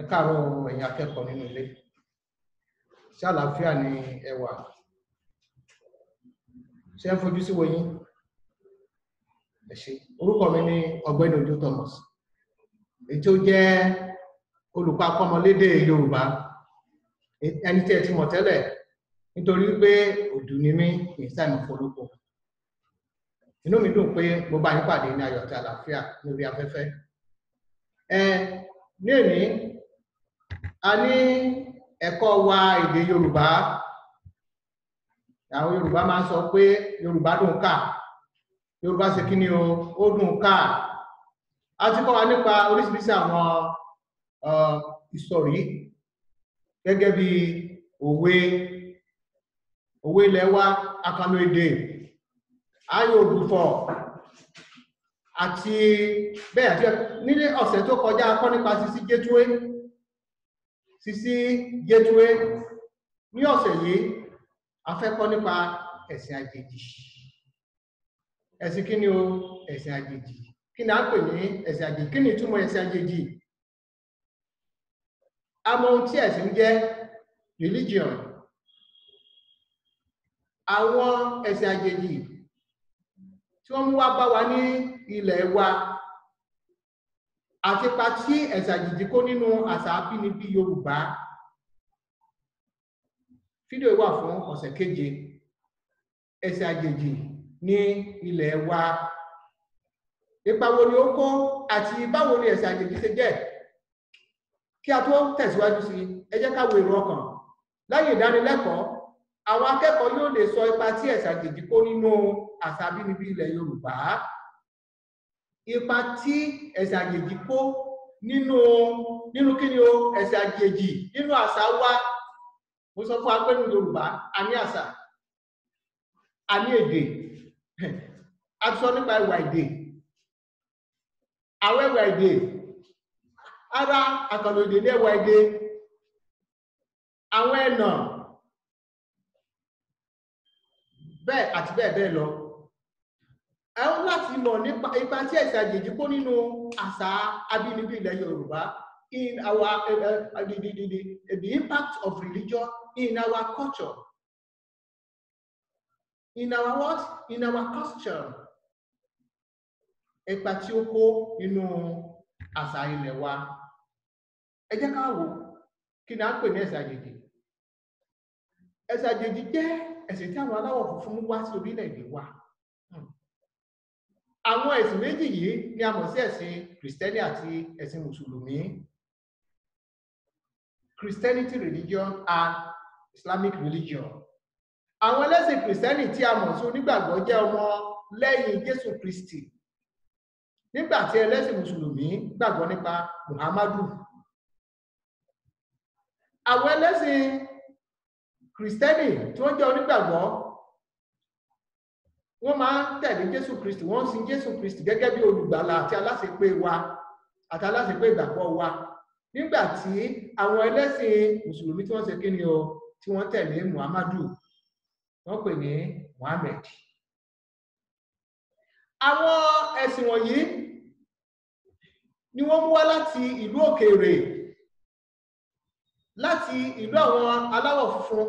ẹ káàárọ̀ ẹ̀yin akẹ́kọ̀ọ́ nínú ilé ṣé àlàáfíà ni ẹwà ṣé ń fojú sí wọ̀nyí ẹ orúkọ mi ni Thomas èyí tó jẹ́ olùkọ́ Yorùbá ẹni tí ẹ ti mọ̀ tẹ́lẹ̀ nítorí pé òdù ni mí inú mi dùn pé mo bá yín pàdé ní àlàáfíà lórí afẹ́fẹ́ ẹ ní a ní ẹ̀kọ́ wa èdè Yorùbá àwọn Yorùbá máa ń sọ pé Yorùbá dùn ká Yorùbá ṣe kí ni o ó dùn ká a ti kọ́ wa nípa oríṣiríṣi àwọn ìsọ̀rí gẹ́gẹ́ bí òwe òwe ilẹ̀ wa akànlò èdè ayòògùfọ̀ àti bẹ́ẹ̀ àti nílé ọ̀sẹ̀ tó kọjá akọ́ nípa sisi gétúwé Sisi Gateway ní ọ̀sẹ̀ yìí a fẹ́ kọ́ nípa ẹ̀sìn àjèjì ẹ̀sìn kí ni o ẹ̀sìn àjèjì kí ni a pè ní ẹ̀sìn àjèjì kí ni ìtumọ̀ àjèjì a mọ ohun tí ẹ̀sìn jẹ́ religion àwọn ẹ̀sìn àjèjì tí wọ́n mú wá bá wa ní ilẹ̀ wa àti ipa tí ẹ̀sà jìjì kó nínú àṣà abínibí Yorùbá fídíò wà fún ọ̀sẹ̀ kéje ẹ̀sẹ̀ àjèjì ní ilẹ̀ wa ipa ni ó kó àti báwo ni ẹ̀sẹ̀ àjèjì ṣe jẹ́ kí a tó tẹ̀síwájú sí ẹ jẹ́ ká wo èrò ọkàn láyé ìdánilẹ́kọ̀ọ́ àwọn akẹ́kọ̀ọ́ yóò lè sọ ipa tí ẹ̀sẹ̀ àjèjì kó nínú àṣà abínibí ilẹ̀ Yorùbá ipa tí ẹ̀sìn àjèjì kó nínú nínú kí ni o ẹ̀sìn àjèjì nínú àṣà wa mo sọ fún agbẹ́nu yorùbá a àṣà a ní èdè a sọ nípa ìwà èdè àwọn ìwà èdè ara àkànlò èdè ní ìwà èdè àwọn ẹ̀nà bẹ́ẹ̀ àti bẹ́ẹ̀ bẹ́ẹ̀ lọ a ń láti lọ nípa ipa tí ẹ̀sìn àjèjì kó nínú àṣà abínibí ilẹ̀ Yorùbá in our eh, eh, the, the, the, the impact of religion in our culture in our what in our culture ipa tí ó kó nínú àṣà ilẹ̀ wa ẹ jẹ́ ká wò kí ni a ń pè ní ẹ̀sìn àjèjì ẹ̀sìn àjèjì jẹ́ ẹ̀sìn tí àwọn aláwọ̀ funfun wá sí orílẹ̀-èdè wa. Hmm àwọn ẹ̀sìn méjì yìí ni a mọ̀ sí ẹ̀sìn kìrìsìtẹ́nì àti ẹ̀sìn mùsùlùmí christianity religion and islamic religion àwọn ẹlẹ́sìn kìrìsìtẹ́nì tí a mọ̀ sí onígbàgbọ́ jẹ́ ọmọ lẹ́yìn jésù kristi nígbà tí ẹlẹ́sìn mùsùlùmí gbàgbọ́ nípa muhammadu àwọn ẹlẹ́sìn kìrìsìtẹ́nì tí wọ́n jẹ́ onígbàgbọ́ wọ́n máa ń tẹ̀lé jésù kristi wọ́n ń sin jésù kristi gẹ́gẹ́ bí olùgbàlà àti aláṣepé wa àti aláṣepé ìgbàgbọ́ wa nígbà tí àwọn ẹlẹ́sìn mùsùlùmí tí wọ́n ṣe kí ni o tí wọ́n tẹ̀lé muhammadu wọ́n pè ní muhammed àwọn ẹ̀sìn wọ̀nyí ni wọ́n mú wá láti ìlú òkèèrè láti ìlú àwọn aláwọ̀ funfun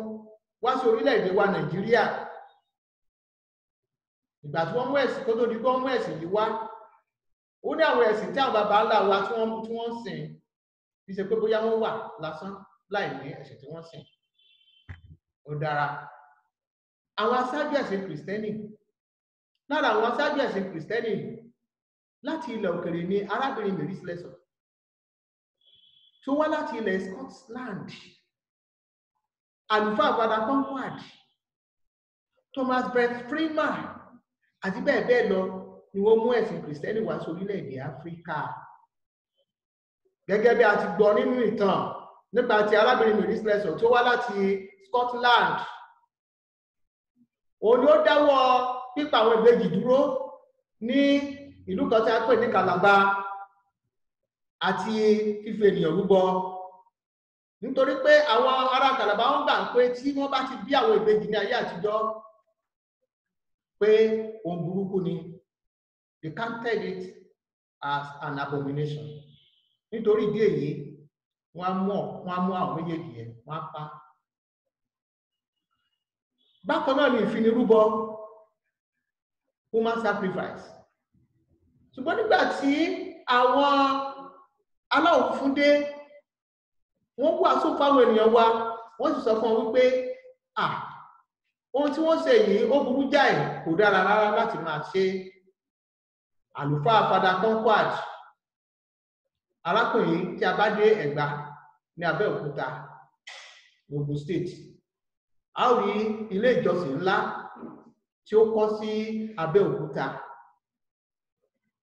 wá sí orílẹ̀-èdè wa nàìjíríà ìgbà tí wọ́n mú ẹ̀sìn kó tó di kó mú ẹ̀sìn yìí wá ó ní àwọn ẹ̀sìn tí àwọn bàbá ńlá wa tí wọ́n tí wọ́n sìn kì í ṣe pé bóyá wọ́n wà lásán láì ní ẹ̀sìn tí wọ́n sìn ó dára àwọn aṣáájú ẹ̀sìn kìrìsìtẹ́nì lára àwọn aṣáájú ẹ̀sìn kìrìsìtẹ́nì láti ilẹ̀ òkèrè ni arábìnrin Mary Slessor tó wá láti ilẹ̀ Scotland àlùfáà padà concord Thomas Brett Freeman àti bẹ́ẹ̀ bẹ́ẹ̀ lọ ni wọ́n mú ẹ̀sìn kìrìsìtẹ́nì wá sí orílẹ̀-èdè áfíríkà gẹ́gẹ́ bí a ti gbọ́ nínú ìtàn nípa ti arábìnrin mary slesor tó wá láti Scotland òun ni ó dáwọ́ pípa àwọn ìbejì dúró ní ìlú kan tí a pè ní Calabar àti fífi ènìyàn rúbọ nítorí pé àwọn ará Calabar ń gbà pé tí wọ́n bá ti bí àwọn ìbejì ní ayé àtijọ́ pé ohun burúkú ni they counted it as an abomination nítorí ìdí èyí wọ́n á mú wọ́n àwọn méjèèjì yẹn wọ́n á pa bákan náà ni ìfinirúbọ human sacrifice ṣùgbọ́n nígbà tí àwọn aláwọ̀ funfun dé wọ́n wá sófáwọn ènìyàn wa wọ́n sì sọ fún wọn wípé ah ohun tí wọ́n ṣe yìí ó burú jáì kò dára rárá láti máa ṣe àlùfáà fada concord arákùnrin tí a bá dé ẹ̀gbá ní abẹ́òkúta gbogbo state a ó rí ilé ìjọsìn ńlá tí ó kọ́ sí abẹ́òkúta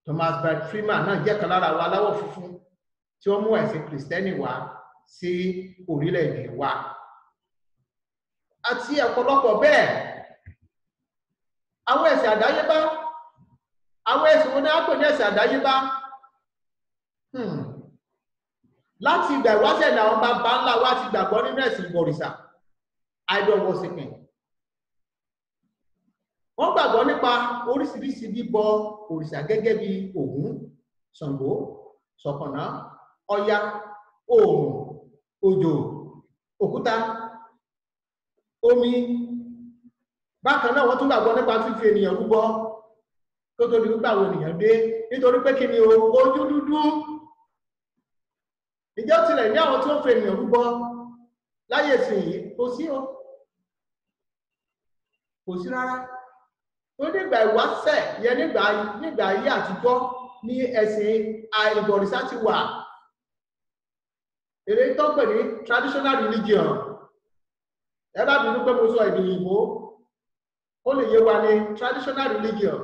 thomas brad freeman náà jẹ́ kan lára aláwọ̀ funfun tí wọ́n mú ẹ̀sìn kristẹni wá wa. àti ọ̀pọ̀lọpọ̀ bẹ́ẹ̀ àwọn ẹ̀sìn àdáyébá àwọn ẹ̀sìn wọn náà pè ní ẹ̀sìn àdáyébá hmm. láti ìgbà ìwáṣẹ̀ làwọn bàbá ńlá wa ti gbàgbọ́ nínú ẹ̀sìn ìbọ̀rìṣà idol worshiping wọ́n gbàgbọ́ nípa oríṣiríṣi bíbọ òrìṣà gẹ́gẹ́ bí Ògún Ṣàngó Ṣọ̀pọ̀nná Ọya Òòrùn òjò òkúta omi bákan wọ́n tún gbàgbọ́ nípa fífi ènìyàn rúbọ tó tó di ènìyàn dé nítorí pé kí ni ojú dúdú ìjọ tilẹ̀ ní àwọn tí ó fi ènìyàn rúbọ láyé sìn kò sí o kò sí rárá tó nígbà ìwáṣẹ̀ yẹn nígbà ayé àtijọ́ ní ẹ̀sìn àìbọ̀rìṣà ti wà èrè tó pè ní traditional religion ẹ bá bínú pé mo sọ èdè òyìnbó ó lè yé wa ní traditional religion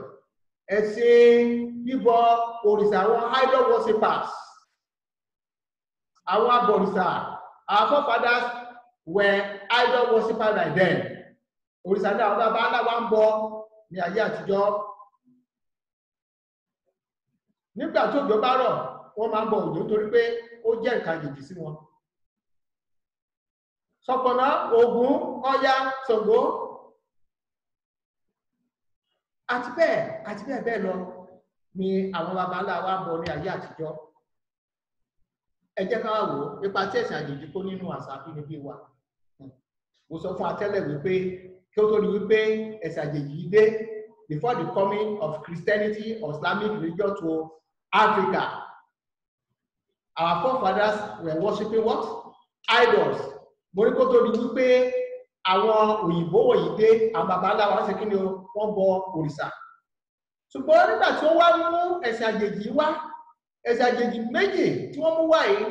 ẹ̀sìn bíbọ òrìṣà àwọn idol worshippers àwọn abọ̀rìṣà our forefathers were idol worshippers by then òrìṣà náà àwọn bàbá aláwa ń bọ ní ayé àtijọ́ nígbà tó òjò bá rọ̀ wọ́n máa ń bọ òjò torí pé ó jẹ́ nǹkan sí wọn Sọ̀pọ̀nà Ògún Ọya Ṣàngó àti bẹ́ẹ̀ àti bẹ́ẹ̀ bẹ́ẹ̀ lọ ni àwọn baba ńlá wa bọ ní ayé àtijọ́ ẹ jẹ́ ká wá wò ó ipa tí ẹ̀sìn àjèjì kó nínú àṣà àbínibí wa mo sọ fún atẹ́lẹ̀ wípé kí ó tó di wípé ẹ̀sìn àjèjì dé before the coming of Christianity or Islamic religion to Africa our forefathers were worshiping what idols mo rí kó tóbi kí pé àwọn òyìnbó wọ̀nyí dé àwọn bàbá ńlá wa ṣe kí ni wọ́n bọ òrìṣà ṣùgbọ́n nígbà tí ó wá mú ẹ̀sìn àjèjì wá ẹ̀sìn àjèjì méjì tí wọ́n mú wá yìí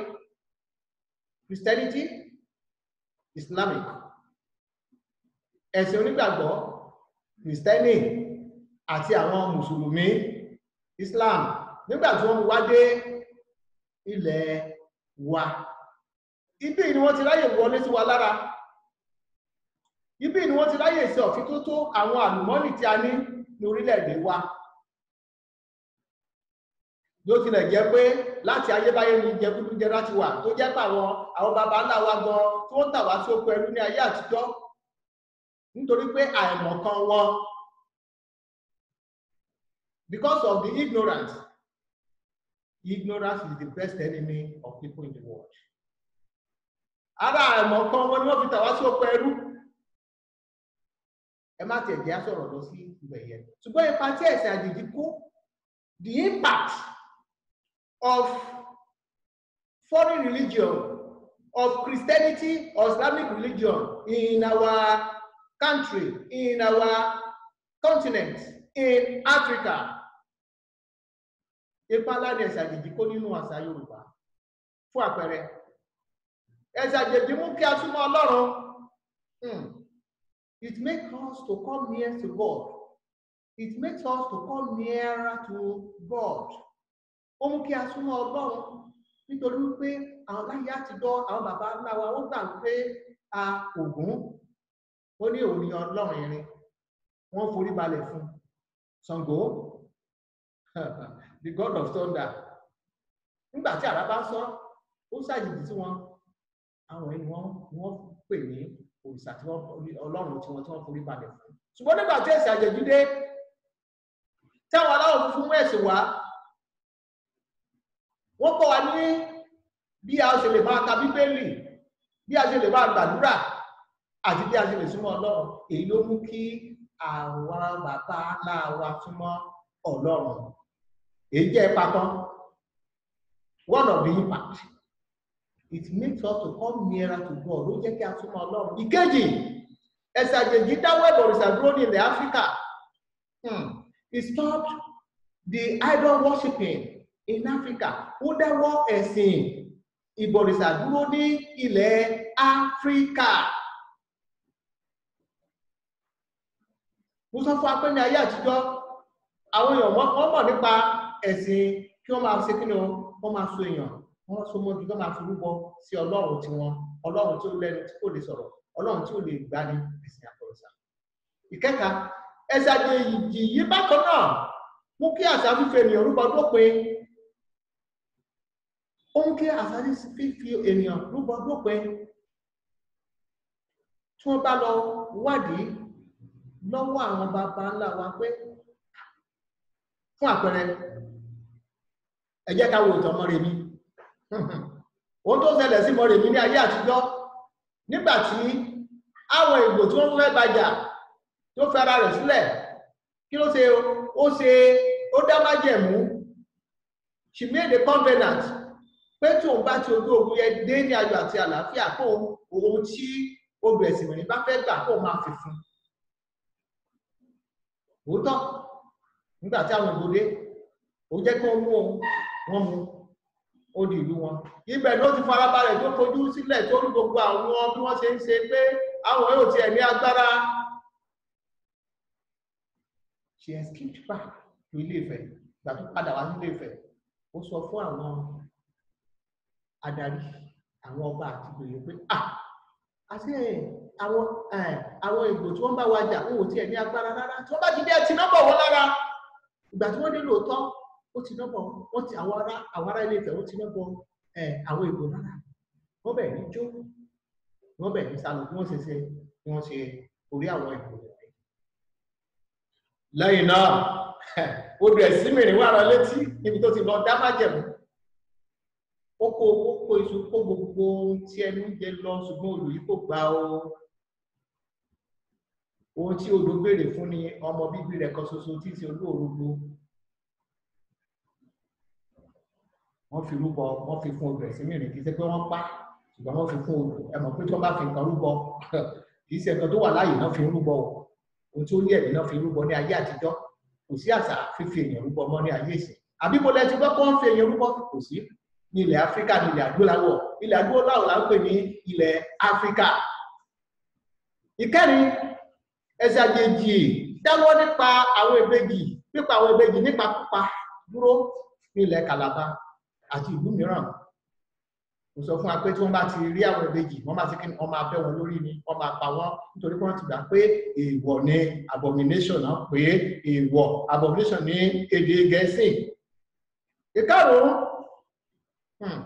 Christianity Islamic ẹ̀sìn onígbàgbọ́ Christianity àti àwọn mùsùlùmí Islam nígbà tí wọ́n mú wá dé ilẹ̀ wa ibi ni wọ́n ti ráyè wọlé sí wa lára ibi ni wọ́n ti ráyè sí ọ̀fítótó àwọn àlùmọ́nì tí a ní ní orílẹ̀-èdè wa ló tilẹ̀ jẹ́ pé láti ayébáyé ní jẹkúdújẹrá ti wà tó jẹ́ pàwọn àwọn baba ńlá wa gan tí wọ́n tà wá sí oko ẹrú ní ayé àtijọ́ nítorí pé àìmọ̀kan wọn because of the ignorance ignorance is the best enemy of people in the world ara àìmọ̀ kan wọn ni wọ́n fi tàwa sí ọ̀pọ̀ ẹrú ẹ má tiẹ̀ jẹ́ sọ̀rọ̀ lọ sí ibẹ̀ yẹn ṣùgbọ́n ipa tí ẹ̀sìn àjèjì kó the impact of foreign religion of Christianity or Islamic religion in our country in our continent in Africa ipa aládẹ̀ẹ́sì àjèjì kó nínú àṣà Yorùbá fún àpẹẹrẹ ẹsẹ̀ àjèjì mú kí a súnmọ́ Ọlọ́run hmm. it makes us to come near to God it makes us to come nearer to God ó mú kí a súnmọ́ Ọlọ́run nítorí wípé àwọn láyé àtijọ́ àwọn bàbá ńlá wa wọ́n gbà pé a ògún ó ní òun ni Ọlọ́run irin wọ́n forí balẹ̀ fún Ṣàngó the god of thunder nígbà tí àrá bá sọ ó ṣàjèjì sí wọn àwọn yìí wọ́n wọ́n pè ní òrìṣà tí wọ́n ọlọ́run tí wọ́n tí wọ́n forí balẹ̀ fún ṣùgbọ́n nígbà tí ẹ̀sìn àjèjì dé táwọn aláwọ̀ funfun mú ẹ̀sìn wá wọ́n kọ́ wa ní bí a ṣe lè máa ka bíbélì bí a ṣe lè máa gbàdúrà àti bí a ṣe lè súnmọ́ ọlọ́run èyí ló mú kí àwa bàbá ńlá wa súnmọ́ ọlọ́run èyí jẹ́ ipa kan one of the impact it makes us to come nearer to God ló jẹ́ kí a súnmọ́ ọlọ́run ìkejì ẹ̀sẹ̀ àjèjì dáwọ́ ìbọ̀rìṣà dúró ní ilẹ̀ áfíríkà it hmm. stopped the idol worshiping in africa ó dáwọ́ ẹ̀sìn ìbọ̀rìṣà dúró ní ilẹ̀ áfíríkà mo sọ fún wa pé ní ayé àtijọ́ àwọn èèyàn wọ́n mọ̀ nípa ẹ̀sìn kí wọ́n máa ṣe kí ni wọ́n máa so èèyàn wọ́n so mọ́ ju kí wọ́n máa forúbọ sí ọlọ́run tí wọn ọlọ́run tí ó lẹ́nu tí kò lè sọ̀rọ̀ ọlọ́run tí ò lè gbani ẹ̀sìn àkọlọ́sà ìkẹta ẹ̀sàjò ìjì yìí bákan náà mú kí àṣà fífi ènìyàn rúbọ dópin ó ń kí àṣà fífi ènìyàn rúbọ dópin tí wọ́n bá lọ wádìí lọ́wọ́ àwọn bàbá ńlá wa pé fún àpẹẹrẹ ẹ jẹ́ ká wo ìtàn Mọ́remí ohun tó ṣẹlẹ̀ sí mọ́rẹ̀ mi ní ayé àtijọ́ nígbàtí àwọn ìgbò tí wọ́n fẹ́ gbajà tó fẹ́ra rẹ̀ sílẹ̀ kí ló ṣe ó ṣe ó dá májẹ̀mú she made a covenant pé tí òun bá ti ojú ogun yẹn dé ní ayọ̀ àti àlàáfíà kó ohun tí odò ẹ̀sìn mìíràn bá fẹ́ gbà kó máa fi fún òótọ́ nígbà tí àwọn ìgbòdé ó jẹ́ kí wọ́n mú wọn mú ó di ìlú wọn ibẹ̀ ló ti farabalẹ̀ tó fojú sílẹ̀ tó rí gbogbo àwọn bí wọ́n ṣe ń ṣe pé àwọn yóò ti ẹ̀mí agbára she escaped back to ìgbà tó padà wá nílé ó sọ fún àwọn adarí àwọn ọba àti pé à àti àwọn ìgbò tí wọ́n bá wájà wọn ò ti ẹ̀mí agbára rárá tí ti dé ẹtì lára ìgbà ó ti nọ́bọ̀ wọ́n ti àwọn ará àwọn ará ilé Ifẹ̀ wọ́n ti nọ́bọ̀ ẹ̀ àwọn èbò lára wọ́n bẹ̀ ní jó wọ́n bẹ̀ ní sálọ bí wọ́n ṣe ṣe bí wọ́n ṣe orí àwọn èbò rẹ̀. lẹ́yìn náà ó rẹ̀ sí mìíràn wà rán létí níbi tó ti lọ dá májẹ̀mú ó kó ó kó iṣu kó gbogbo tí ẹnu jẹ lọ ṣùgbọ́n olùyí kò gbà ó ohun tí odò béèrè fún ni ọmọ bíbí rẹ̀ kan ṣoṣo tí ń ṣe olóòrogbo wọ́n fi rúbọ wọ́n fi fún odò ẹ̀sìn mìíràn kì í ṣe pé wọ́n pa ṣùgbọ́n wọ́n fi fún odò ẹ mọ̀ pé tí wọ́n bá fi nǹkan rúbọ kì í ṣe nǹkan tó wà láàyè náà fi rúbọ o ohun tí ó ní ẹ̀mí náà fi rúbọ ní ayé àtijọ́ kò sí àṣà fífi èèyàn rúbọ mọ́ ní ayé ìsìn àbí mo lẹ ti gbọ́ pé wọ́n fi èèyàn rúbọ kò sí ní ilẹ̀ áfíríkà ní ilẹ̀ adúláwọ̀ ilẹ̀ adúláwọ̀ là ń pè ní ilẹ̀ áfíríkà ìkẹrin ẹsẹ àjèjì dáwọ́ nípa àwọn ìbejì nípa àwọn ìbejì nípa pípa dúró ní ilẹ̀ kàlàbà àti ìlú mìíràn mo sọ fún wa pé tí wọ́n bá ti rí àwọn ìbejì wọ́n máa ti kí wọ́n wọn lórí ni wọ́n máa pa wọ́n nítorí pé wọ́n ti gbà pé èèwọ̀ ni abomination náà pé èèwọ̀ abomination ní èdè gẹ̀ẹ́sì ìkarùn-ún hmm,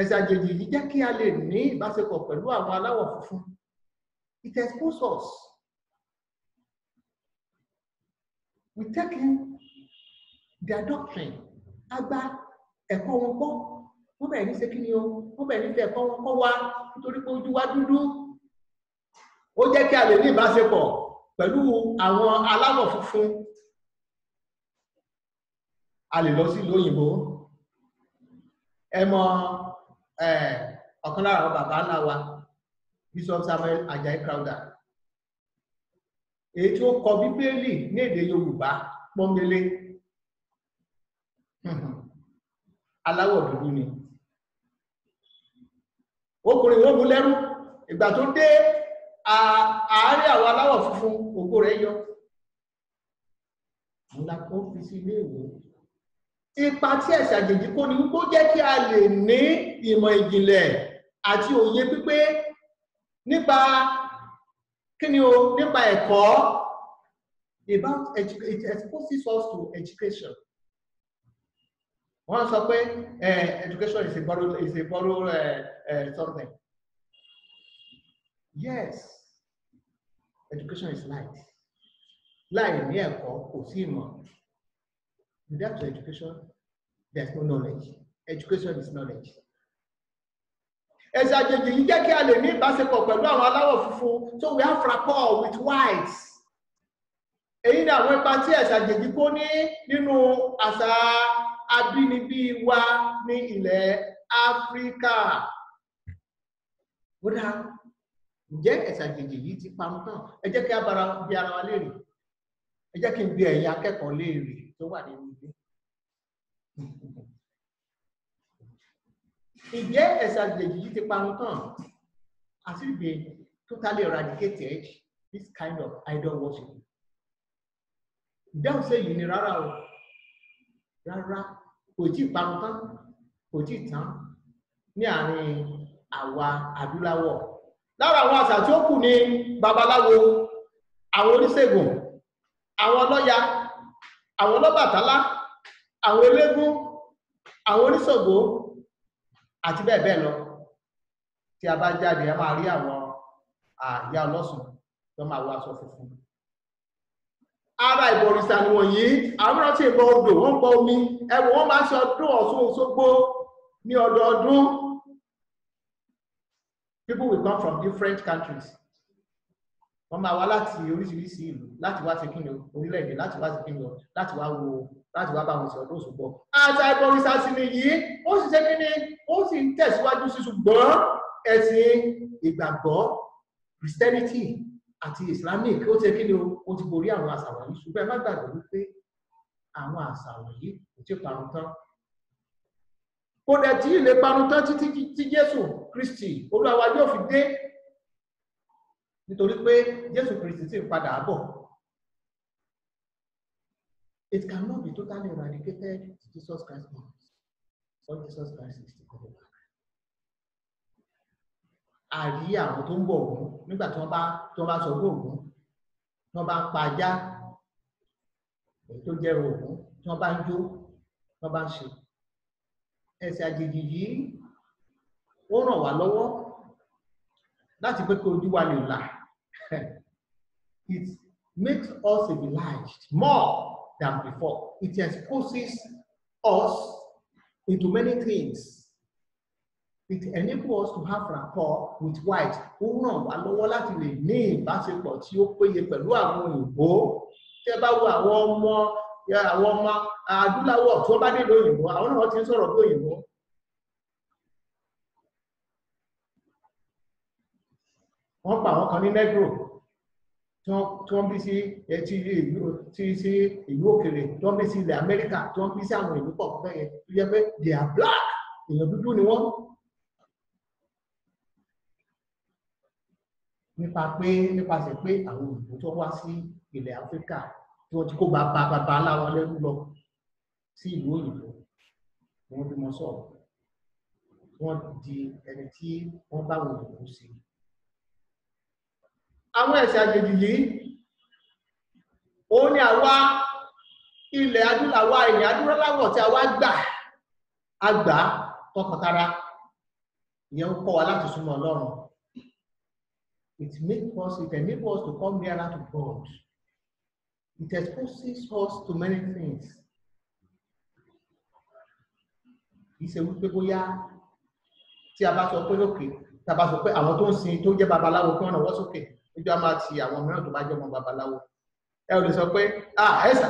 ẹ̀sìn àjèjì yìí jẹ́ kí a lè ní ìbáṣepọ̀ pẹ̀lú àwọn aláwọ̀ funfun it exposes us we take in their doctrine agba ẹ̀kọ́ wọn kọ́ wọ́n bẹ̀rẹ̀ ní ṣe kí ni o wọ́n bẹ̀rẹ̀ ní ṣe ẹ̀kọ́ wọn kọ́ wa nítorí pé ojú wa dúdú ó jẹ́ kí a lè ní ìbáṣepọ̀ pẹ̀lú àwọn aláwọ̀ funfun a lè lọ sí ìlú òyìnbó ẹ mọ ọ̀kan lára àwọn bàbá ńlá wa Bishop Samuel Ajayi Crowther èyí tí ó kọ Bíbélì ní èdè Yorùbá pọ́nbélé aláwọ̀ dúdú ni okùnrin yóò mú lẹ́rú ìgbà tó dé àárín àwọn aláwọ̀ funfun òkú rẹ̀ yọ ńlákọ́ fi sí ilé ìwé ipa tí ẹ̀sẹ̀ àjèjì kó ni wípé ó jẹ́ kí a lè ní ìmọ̀ ìjìnlẹ̀ àti òye pípé nípa kí ni o nípa ẹ̀kọ́ about it exposes us to education wọ́n sọ pé education is a borrowed is a borrowed uh, uh, something yes education is light láì ní ẹ̀kọ́ kò sí ìmọ̀ without education there is no knowledge education is knowledge ẹ̀sìn àjèjì yìí jẹ́ kí a lè ní ìbáṣepọ̀ pẹ̀lú àwọn aláwọ̀ funfun so we have rapport with whites èyí ni àwọn ipa tí ẹ̀sìn àjèjì kó ní nínú àṣà abínibí wa ní ilẹ̀ áfíríkà ó dá ǹjẹ́ ẹ̀sàjèjì yìí ti parun tán kí a bára bí ara wa léèrè ẹ kí n bí ẹ̀yin akẹ́kọ̀ọ́ léèrè tó wà nínú ilé ǹjẹ́ ẹ̀sàjèjì yìí ti parun tán àti totally eradicated this kind of idol worship rárá kò tí ì parun tán kò tí ì tán ní àárín àwa adúláwọ̀ lára àwọn àṣà tí ó kù ní babaláwo àwọn oníṣègùn àwọn ọlọ́ya àwọn ọlọ́bàtálá àwọn eléégún àwọn oníṣògbó àti bẹ́ẹ̀ bẹ́ẹ̀ lọ tí a bá jáde a máa rí àwọn àyà ọlọ́sùn tó máa wọ aṣọ funfun ara ìbọ̀rìṣà nìwọ̀nyí àwọn ọ̀rọ̀ tí ń bọ odò wọ́n ń bọ omi ẹ̀wọ̀n wọ́n máa ń ṣe ọdún Ọ̀ṣun Òṣogbo ní ọdọọdún people will come from different countries wọ́n máa wá láti oríṣiríṣi ìlú láti wá sí kíni orílẹ̀-èdè láti wá sí kíni o láti wá wo láti wá bá wọn sọ ọdún Òṣogbo àṣà ìbọ̀rìṣà sì nìyí ó sì ṣe kíni ó sì ń tẹ̀síwájú sí ṣùgbọ́n ẹ̀sìn ìgbàgbọ́ Christianity àti islamic ó ti kí ni ó ti borí àwọn àṣà wọ̀nyí ṣùgbọ́n má gbàgbé wípé àwọn àṣà wọ̀nyí kò tí parun tán dẹ̀ tí ilé parun títí jésù kristi olúwa yóò fi dé nítorí pé jésù kristi sì padà bọ̀ it cannot be totally eradicated to Jesus Christ comes. So Jesus Christ is the God àrí àwọn tó ń bọ Ògún nígbà tí wọ́n bá tí wọ́n bá sọ pé Ògún tí wọ́n bá ń pa ajá èyí tó jẹ́ Ògún tí wọ́n bá ń jó tí wọ́n bá ń ṣe ẹ̀sìn àjèjì yìí ó ràn wá lọ́wọ́ láti pé kí ojú wa lè là it makes us civilized more than before it exposes us into many things it enable us to have rapport with whites ó ràn wá lọ́wọ́ láti lè ní ìbáṣepọ̀ tí ó péye pẹ̀lú àwọn òyìnbó tẹ́ bá wo àwọn ọmọ àwọn ọmọ adúláwọ̀ tí wọ́n bá dé lóyìnbó àwọn náà ti ń sọ̀rọ̀ lóyìnbó wọ́n pa àwọn kan ní negro tí wọ́n bí sí ẹtí eh, ìlú òkèrè tí wọ́n bí sí ilẹ̀ amẹ́ríkà tí wọ́n bí sí àwọn ìlú pọ̀ bẹ́ẹ̀ yẹ pé they are black èèyàn dúdú ni wọ́n nípa pé nípasẹ̀ pé àwọn òyìnbó tó wá sí ilẹ̀ áfíríkà tí wọ́n ti kó bàbá bàbá aláwọ̀ lẹ́rú lọ sí ìlú òyìnbó wọ́n bímọ sọ̀rọ̀ wọ́n di ẹni tí wọ́n bá wọn òyìnbó sí. àwọn ẹ̀sìn àjèjì yìí òun ni àwa ilẹ̀ adúláwọ̀ ilẹ̀ adúláwọ̀ tí a wá gbà a gbà tọkàntara ìyẹn ń kọ́ wa láti súnmọ́ ọlọ́run It makes us, it enables us to come nearer to God. It exposes us to many things. He Ìṣe wípé bóyá tí a bá sọ pé lókè, tí a bá sọ pé àwọn tó ń sin tó jẹ́ babaláwo kí wọ́n náwó sókè, ojú a máa ti àwọn mìíràn tó bá jẹ́ ọmọ babaláwo. Ẹ ò lè sọ pé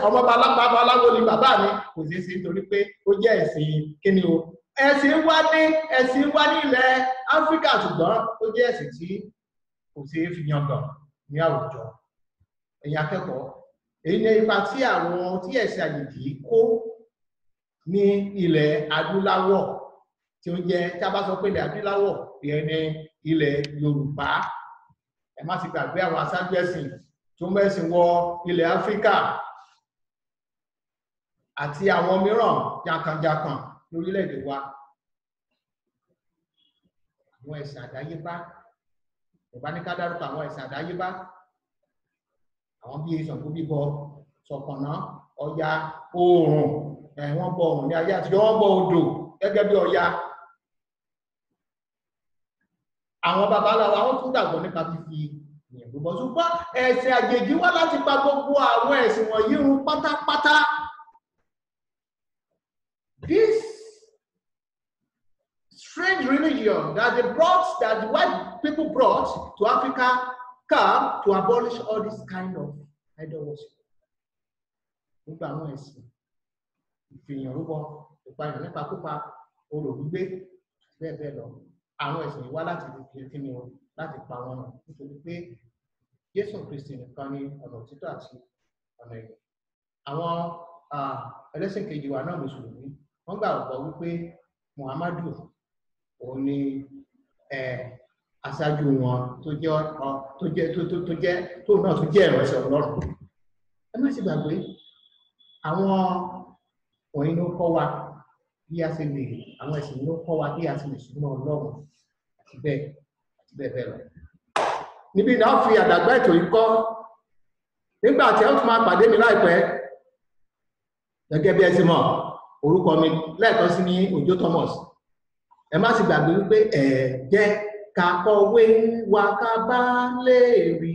ọmọ babaláwo ni bàbá mi kò sí sí torí pé ó jẹ́ ẹ̀sìn kí ni o. Ẹ̀sìn wá ní ẹ̀sìn wá ní ilẹ̀ Áfíríkà ṣùgbọ́n ó jẹ́ ẹ̀sìn tí kò sí fi yangàn ní àwùjọ ẹ̀yin akẹ́kọ̀ọ́ èyí ni ipa tí àwọn tí ẹ̀sìn àjèjì kó ní ilẹ̀ adúláwọ̀ tí ó jẹ́ tí a bá sọ pé ilẹ̀ adúláwọ̀ ìyẹn ní ilẹ̀ yorùbá ẹ má ti gbàgbé àwọn aṣáájú ẹ̀sìn tó mẹ́sìn wọ ilẹ̀ áfíríkà àti àwọn mìíràn jàǹkànjàǹkàn lórílẹ̀-èdè wa àwọn ẹ̀sìn àdáyébá ìbá ní ká dárúkọ àwọn ẹ̀sìn àdáyébá àwọn bíi Ṣàngó bíbọ Ṣọ̀pọ̀nná Ọya oòrùn wọ́n bọ oòrùn ní ayé àtijọ́ wọ́n bọ odò gẹ́gẹ́ bí Ọya àwọn babaláwa wọ́n tún gbàgbọ́ nípa fífi ìyẹ̀bùbọ̀ ṣùgbọ́n ẹ̀sìn àjèjì wá láti pa gbogbo àwọn ẹ̀sìn wọ̀nyí run pátápátá this strange religion that they brought, that the white people brought to Africa come to abolish all this kind of idolatry. Nígbà àwọn ẹ̀sìn, ìfìyàn rúbọ, ìpààyàn nípa pípa, orò bẹ́ẹ̀ bẹ́ẹ̀ lọ. Àwọn ẹ̀sìn wá láti fi kí ni láti pa wọn náà nítorí pé Jésù Kristi nìkan ni ọ̀nà òtítọ́ àti ọ̀nà ẹ̀yìn. Àwọn ẹlẹ́sìn kejì wa náà Mùsùlùmí, wọ́n gbà ọ̀pọ̀ wípé Muhammadu òun ni aṣáájú wọn tó jẹ́ tó jẹ́ tó jẹ́ tó náà tó jẹ́ ẹ̀rọ ẹ̀sẹ̀ ọlọ́run ẹ má sì gbàgbé àwọn wọ̀nyí ló kọ́ wa bí a ṣe lè àwọn ẹ̀sìn ló kọ́ wa bí a ṣe lè súnmọ́ ọlọ́run àti bẹ́ẹ̀ àti bẹ́ẹ̀ bẹ́ẹ̀ lọ. níbi ìdá fi àdàgbà ètò yìí kọ́ nígbà tí ẹ tún máa pàdé mi láìpẹ́ gẹ́gẹ́ bí ẹ ti mọ̀ orúkọ mi lẹ́ẹ̀kan sí ní Òjó Thomas ẹ má sì gbàgbé wípé ẹ jẹ́ ká kọ̀wé wa ká bá lè rí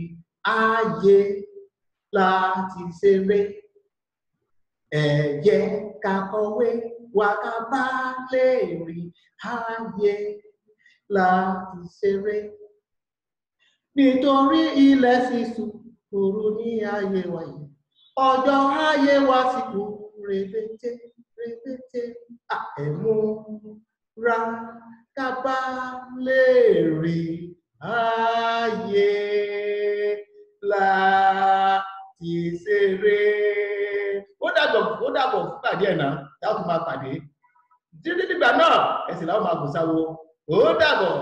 ààyè láti ṣeré ẹ jẹ́ ká kọ̀wé wa ká bá lè rí ààyè láti ṣeré nítorí ilẹ̀ sísù kúrú ní ayé wa ọjọ́ ayé wa sì kú rẹpẹtẹ rẹpẹtẹ àẹmú ra ká bá lè rí ààyè láti ṣeré. ó dàbọ̀ ó dàbọ̀ fún pàdé ẹ̀nà táwọn tó máa pàdé dídí dìgbà náà ẹ̀sìn láwọn máa gùn sáwo ó dàbọ̀.